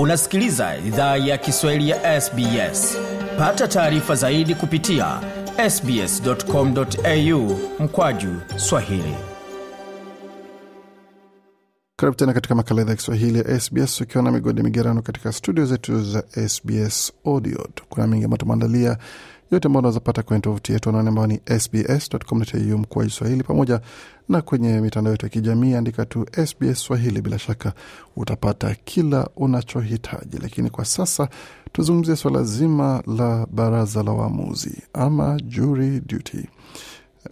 unasikiliza idhaa ya kiswahili ya sbs pata taarifa zaidi kupitia sbscomau mkwaju swahili karibu tena katika makala idhaa ya kiswahili ya sbs ukiwa na migodi migerano katika studio zetu za sbs audio kuna mingi ambayo tumeandalia yote ambayo unaweza pata kwenye tovuti yetu anaone ambao ni sbs.com.au mkua Kiswahili, pamoja na kwenye mitandao yetu ya kijamii, andika tu SBS Swahili. Bila shaka utapata kila unachohitaji, lakini kwa sasa tuzungumzie swala zima la baraza la waamuzi ama jury duty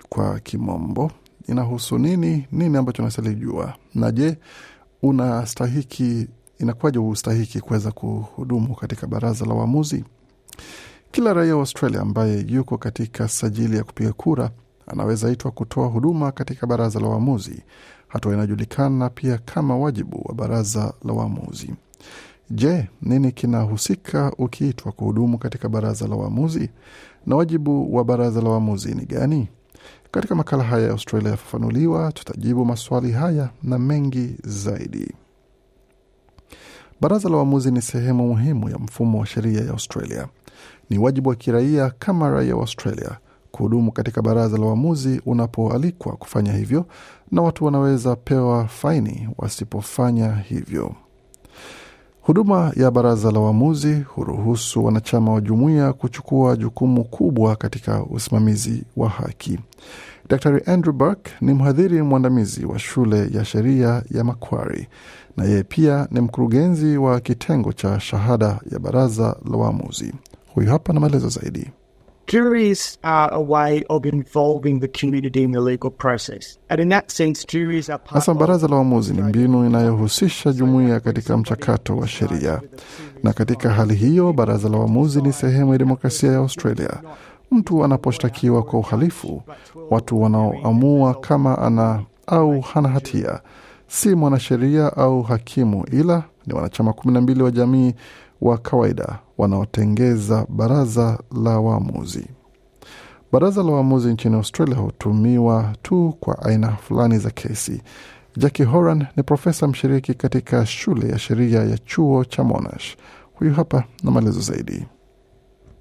kwa kimombo. Inahusu nini? Nini ambacho unastahili jua, na je, unastahiki inakuwaje ustahiki kuweza kuhudumu katika baraza la waamuzi? Kila raia wa Australia ambaye yuko katika sajili ya kupiga kura anaweza itwa kutoa huduma katika baraza la waamuzi. Hatua inajulikana pia kama wajibu wa baraza la waamuzi. Je, nini kinahusika ukiitwa kuhudumu katika baraza la waamuzi na wajibu wa baraza la waamuzi ni gani? Katika makala haya ya Australia Yafafanuliwa tutajibu maswali haya na mengi zaidi. Baraza la uamuzi ni sehemu muhimu ya mfumo wa sheria ya Australia. Ni wajibu wa kiraia kama raia wa Australia kuhudumu katika baraza la uamuzi unapoalikwa kufanya hivyo, na watu wanaweza pewa faini wasipofanya hivyo. Huduma ya baraza la uamuzi huruhusu wanachama wa jumuiya kuchukua jukumu kubwa katika usimamizi wa haki. Daktari Andrew Burke ni mhadhiri mwandamizi wa shule ya sheria ya makwari na yeye pia ni mkurugenzi wa kitengo cha shahada ya baraza la waamuzi. Huyu hapa na maelezo zaidi. Juries are a way of involving the community in the legal process. And in that sense, juries are part Hasa baraza la uamuzi ni mbinu inayohusisha jumuiya katika mchakato wa sheria, na katika hali hiyo baraza la uamuzi ni sehemu ya demokrasia ya Australia Mtu anaposhtakiwa kwa uhalifu, watu wanaoamua kama ana au hana hatia si mwanasheria au hakimu, ila ni wanachama kumi na mbili wa jamii wa kawaida wanaotengeza baraza la waamuzi. Baraza la waamuzi nchini Australia hutumiwa tu kwa aina fulani za kesi. Jackie Horan ni profesa mshiriki katika shule ya sheria ya chuo cha Monash. Huyu hapa na maelezo zaidi.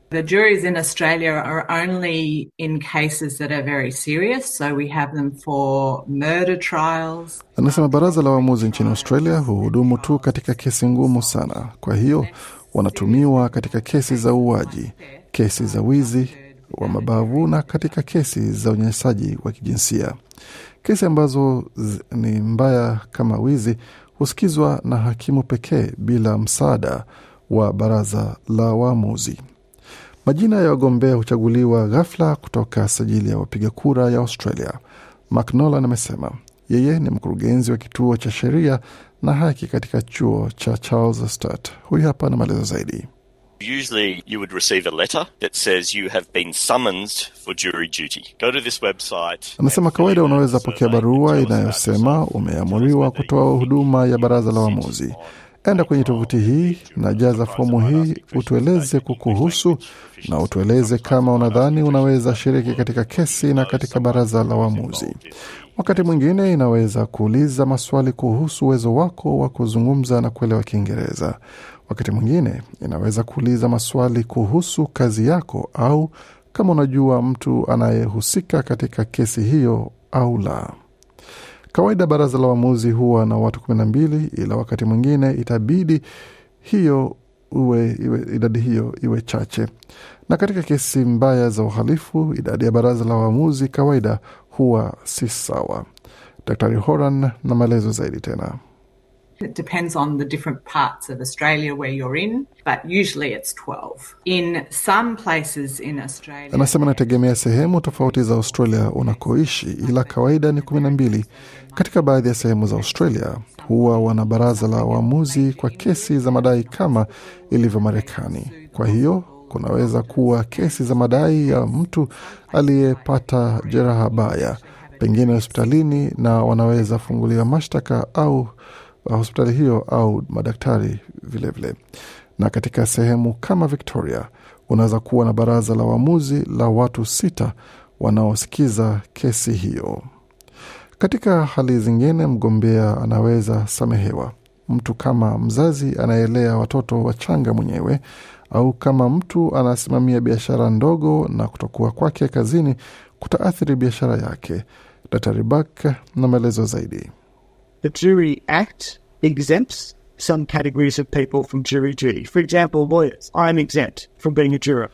The juries in Australia are only in cases that are very serious, so we have them for murder trials. Anasema baraza la waamuzi nchini Australia huhudumu tu katika kesi ngumu sana, kwa hiyo wanatumiwa katika kesi za uuaji, kesi za wizi wa mabavu na katika kesi za unyanyasaji wa kijinsia. Kesi ambazo ni mbaya kama wizi husikizwa na hakimu pekee bila msaada wa baraza la waamuzi. Majina ya wagombea huchaguliwa ghafla kutoka sajili ya wapiga kura ya Australia. McNolan amesema yeye ni mkurugenzi wa kituo cha sheria na haki katika chuo cha Charles Sturt. Huyu hapa na maelezo zaidi. Usually you would receive a letter that says you have been summoned for jury duty. Go to this website. Anasema kawaida unaweza pokea barua inayosema umeamuriwa kutoa huduma ya baraza la waamuzi. Enda kwenye tovuti hii na jaza fomu hii, utueleze kukuhusu na utueleze kama unadhani unaweza shiriki katika kesi na katika baraza la uamuzi. Wakati mwingine inaweza kuuliza maswali kuhusu uwezo wako wa kuzungumza na kuelewa Kiingereza. Wakati mwingine inaweza kuuliza maswali kuhusu kazi yako au kama unajua mtu anayehusika katika kesi hiyo au la. Kawaida baraza la uamuzi huwa na watu kumi na mbili, ila wakati mwingine itabidi hiyo uwe, iwe, idadi hiyo iwe chache. Na katika kesi mbaya za uhalifu, idadi ya baraza la uamuzi kawaida huwa si sawa. Daktari Horan na maelezo zaidi tena It depends on the different parts of Australia where you're in, but usually it's 12. In some places in Australia. Anasema inategemea sehemu tofauti za Australia unakoishi, ila kawaida ni 12. Katika baadhi ya sehemu za Australia huwa wana baraza la waamuzi kwa kesi za madai kama ilivyo Marekani. Kwa hiyo kunaweza kuwa kesi za madai ya mtu aliyepata jeraha baya, pengine hospitalini, na wanaweza funguliwa mashtaka au hospitali hiyo au madaktari vilevile vile. Na katika sehemu kama Victoria unaweza kuwa na baraza la uamuzi la watu sita wanaosikiza kesi hiyo. Katika hali zingine, mgombea anaweza samehewa, mtu kama mzazi anaelea watoto wachanga mwenyewe, au kama mtu anasimamia biashara ndogo na kutokuwa kwake kazini kutaathiri biashara yake. Daktari Bak na maelezo zaidi the Jury Act exempts some categories of people from jury duty. For example, lawyers. I'm exempt from being a juror.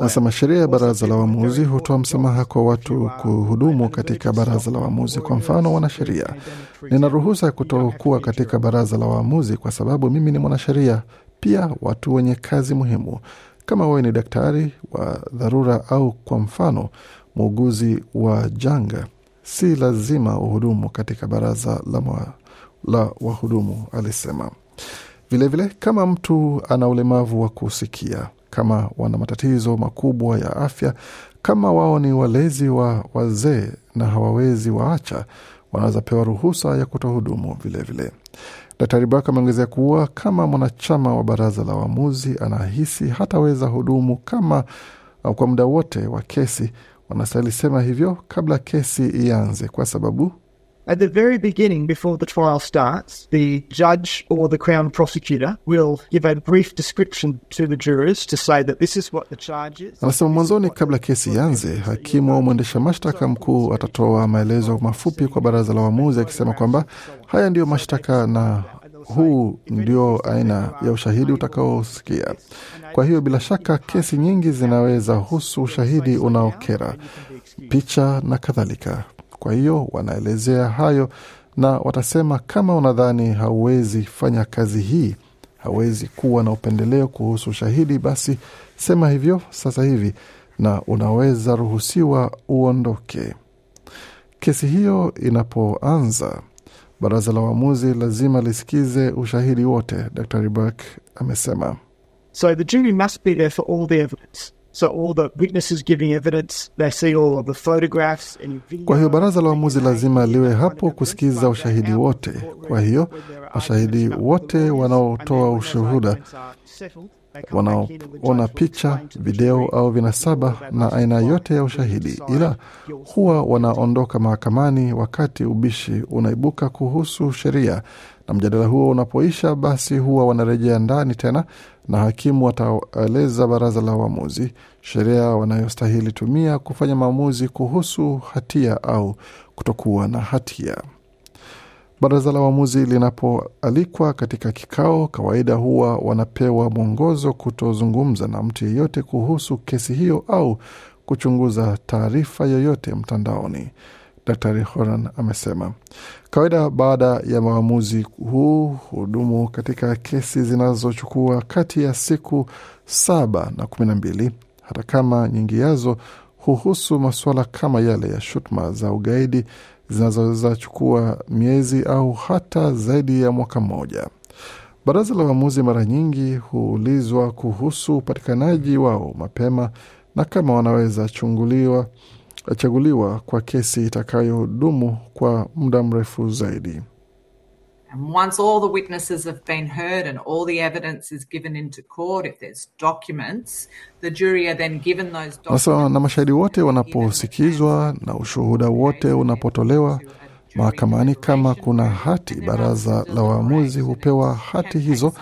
Anasema sheria ya baraza la waamuzi hutoa msamaha kwa watu kuhudumu katika baraza la waamuzi. Kwa mfano, wanasheria, nina ruhusa ya kutokuwa katika baraza la waamuzi kwa sababu mimi ni mwanasheria. Pia watu wenye kazi muhimu kama wewe ni daktari wa dharura au kwa mfano muuguzi wa janga si lazima uhudumu katika baraza la, mwa, la wahudumu, alisema. Vilevile vile, kama mtu ana ulemavu wa kusikia, kama wana matatizo makubwa ya afya, kama wao ni walezi wa wazee na hawawezi waacha, wanaweza pewa ruhusa ya kuto hudumu vilevile. Daktari Bak ameongezea kuwa kama mwanachama wa baraza la waamuzi anahisi hataweza hudumu kama kwa muda wote wa kesi, wanastahili sema hivyo kabla kesi ianze, kwa sababu At the very beginning, before the trial starts, the judge or the Crown prosecutor will give a brief description to the jurors to say that this is what the charge is. Anasema mwanzoni, kabla kesi ianze, hakimu au mwendesha mashtaka mkuu atatoa maelezo mafupi kwa baraza la waamuzi akisema kwamba haya ndiyo mashtaka na huu ndio aina ya ushahidi utakaosikia. Kwa hiyo bila shaka kesi nyingi zinaweza husu ushahidi unaokera, picha na kadhalika. Kwa hiyo wanaelezea hayo na watasema, kama unadhani hauwezi fanya kazi hii, hauwezi kuwa na upendeleo kuhusu ushahidi, basi sema hivyo sasa hivi na unaweza ruhusiwa uondoke. Kesi hiyo inapoanza Baraza la uamuzi lazima lisikize ushahidi wote, Dr Burke amesema. So the jury must be there for all the evidence. So all the witnesses giving evidence, they see all of the photographs and video. Kwa hiyo baraza la uamuzi lazima liwe hapo kusikiza ushahidi wote. Kwa hiyo mashahidi wote wanaotoa ushuhuda wanaona picha, video au vinasaba na aina yote ya ushahidi, ila huwa wanaondoka mahakamani wakati ubishi unaibuka kuhusu sheria, na mjadala huo unapoisha, basi huwa wanarejea ndani tena na hakimu wataeleza baraza la waamuzi sheria wanayostahili tumia kufanya maamuzi kuhusu hatia au kutokuwa na hatia. Baraza la uamuzi linapoalikwa katika kikao, kawaida huwa wanapewa mwongozo kutozungumza na mtu yeyote kuhusu kesi hiyo au kuchunguza taarifa yoyote mtandaoni. dr Horan amesema kawaida baada ya maamuzi huu hudumu katika kesi zinazochukua kati ya siku saba na kumi na mbili hata kama nyingi yazo huhusu masuala kama yale ya shutma za ugaidi chukua miezi au hata zaidi ya mwaka mmoja. Baraza la waamuzi mara nyingi huulizwa kuhusu upatikanaji wao mapema na kama wanaweza chunguliwa chaguliwa kwa kesi itakayodumu kwa muda mrefu zaidi. And once all the witnesses have been heard and all the evidence is given into court, if there's documents, the jury are then given those documents. Sasa na mashahidi wote wanaposikizwa na ushuhuda wote unapotolewa mahakamani, kama kuna hati, baraza la waamuzi hupewa hati hizo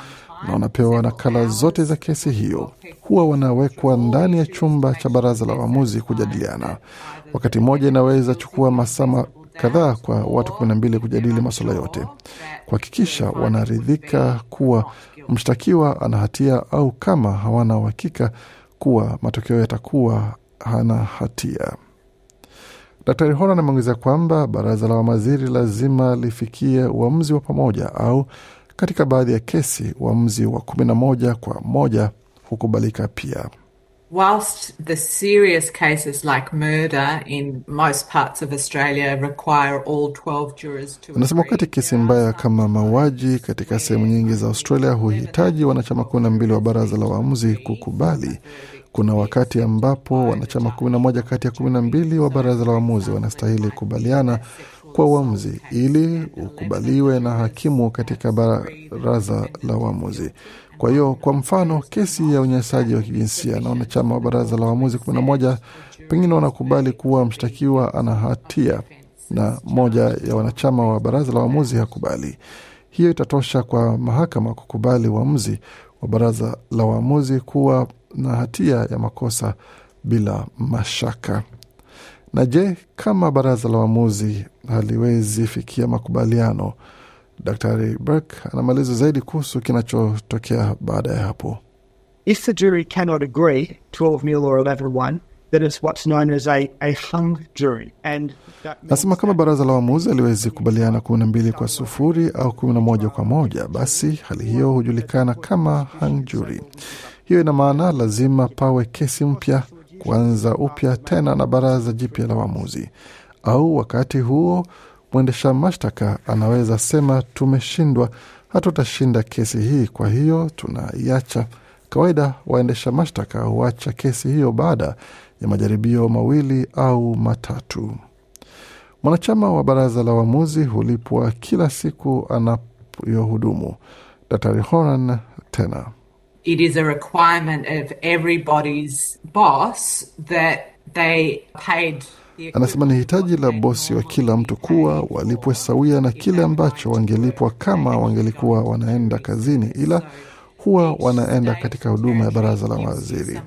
na wanapewa nakala zote za kesi hiyo. Huwa wanawekwa ndani ya chumba cha baraza la waamuzi kujadiliana. Wakati mmoja inaweza chukua masaa kadhaa kwa watu mbili kujadili masuala yote, kuhakikisha wanaridhika kuwa mshtakiwa ana hatia au kama hawana uhakika kuwa matokeo yatakuwa hana hatia. Daktari Horan ameongeza kwamba baraza la mawaziri lazima lifikie uamuzi wa pamoja au katika baadhi ya kesi uamuzi wa kumi na moja kwa moja hukubalika pia whilst the serious cases like murder in most parts of Australia require all 12 jurors to Anasema wakati kesi mbaya kama mauaji katika sehemu nyingi za Australia huhitaji wanachama kumi na mbili wa baraza la waamuzi kukubali. Kuna wakati ambapo wanachama 11 kati ya 12 wa baraza la waamuzi wanastahili kubaliana kwa uamuzi ili ukubaliwe na hakimu katika baraza la uamuzi. Kwa hiyo, kwa mfano, kesi ya unyanyasaji wa kijinsia na wanachama wa baraza la uamuzi moja pengine wanakubali kuwa mshtakiwa ana hatia na moja ya wanachama wa baraza la uamuzi hakubali. Hiyo itatosha kwa mahakama kukubali uamuzi wa baraza la uamuzi kuwa na hatia ya makosa bila mashaka. Na je, kama baraza la uamuzi haliwezi fikia makubaliano? Daktari Burke ana maelezo zaidi kuhusu kinachotokea baada ya hapo. If the jury cannot agree 12 nil or 11 Nasema kama baraza la uamuzi aliwezi kubaliana kumi na mbili kwa sufuri au kumi na moja kwa moja, basi hali hiyo hujulikana kama hung jury. Hiyo ina maana lazima pawe kesi mpya kuanza upya tena na baraza jipya la uamuzi au wakati huo mwendesha mashtaka anaweza sema tumeshindwa, hatutashinda kesi hii, kwa hiyo tunaiacha. Kawaida waendesha mashtaka huacha kesi hiyo baada ya majaribio mawili au matatu. Mwanachama wa baraza la uamuzi hulipwa kila siku anayohudumu. Daktari Horan tena it is a requirement of everybody's boss that they paid. Anasema ni hitaji la bosi wa kila mtu kuwa walipwe sawia na kile ambacho wangelipwa kama wangelikuwa wanaenda kazini, ila huwa wanaenda katika huduma ya baraza la mawaziri.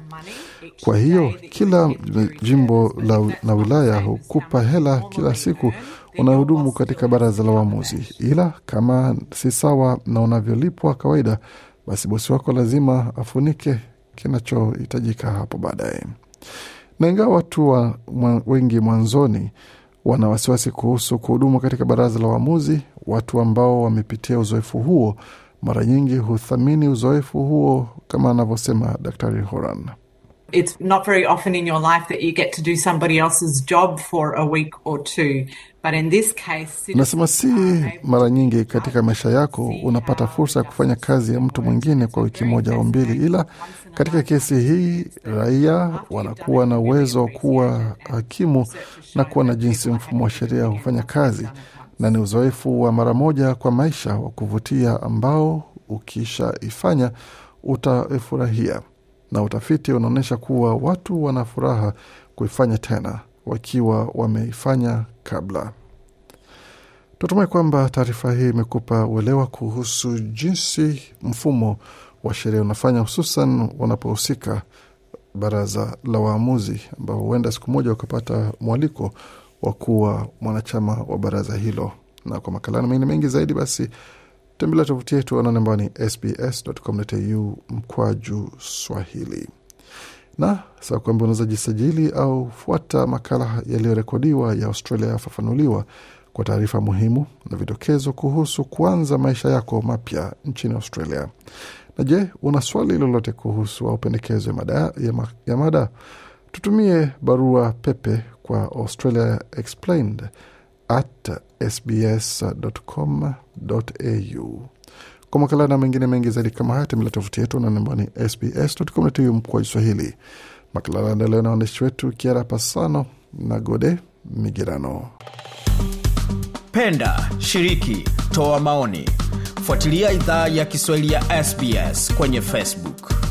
Kwa hiyo kila jimbo la, na wilaya hukupa hela kila siku unahudumu katika baraza la uamuzi, ila kama si sawa na unavyolipwa kawaida, basi bosi wako lazima afunike kinachohitajika hapo baadaye. Na ingawa watu wa wengi mwanzoni wana wasiwasi kuhusu kuhudumu katika baraza la waamuzi, watu ambao wamepitia uzoefu huo mara nyingi huthamini uzoefu huo, kama anavyosema Daktari Horan it's not very often in your life that you get to do somebody else's job for a week or two. But in this case, nasema si mara nyingi katika maisha yako unapata fursa ya kufanya kazi ya mtu mwingine kwa wiki moja au mbili, ila katika kesi hii raia wanakuwa na uwezo wa kuwa hakimu na kuwa na jinsi mfumo wa sheria hufanya kazi, na ni uzoefu wa mara moja kwa maisha wa kuvutia ambao ukishaifanya utafurahia na utafiti unaonyesha kuwa watu wana furaha kuifanya tena wakiwa wameifanya kabla. Tunatumai kwamba taarifa hii imekupa uelewa kuhusu jinsi mfumo wa sheria unafanya, hususan wanapohusika baraza la waamuzi, ambao huenda siku moja wakapata mwaliko wa kuwa mwanachama wa baraza hilo. Na kwa makala na mengine mengi zaidi, basi Tembelea tovuti yetu anaone ambayo ni sbs.com.au mkwaju swahili na saa kwamba unaweza jisajili au fuata makala yaliyorekodiwa ya Australia yafafanuliwa kwa taarifa muhimu na vidokezo kuhusu kuanza maisha yako mapya nchini Australia. Na je, una swali lolote kuhusu au pendekezo ya mada, ya, ma, ya mada? Tutumie barua pepe kwa Australia Explained at sbs.com.au. Kwa makala na mengine mengi zaidi kama haya, tembelea tovuti yetu na nambani sbs.com.au mkwa Kiswahili. Makala yanaendelea na waandishi wetu Kiara Pasano na Gode Migerano. Penda, shiriki, toa maoni, fuatilia idhaa ya Kiswahili ya SBS kwenye Facebook.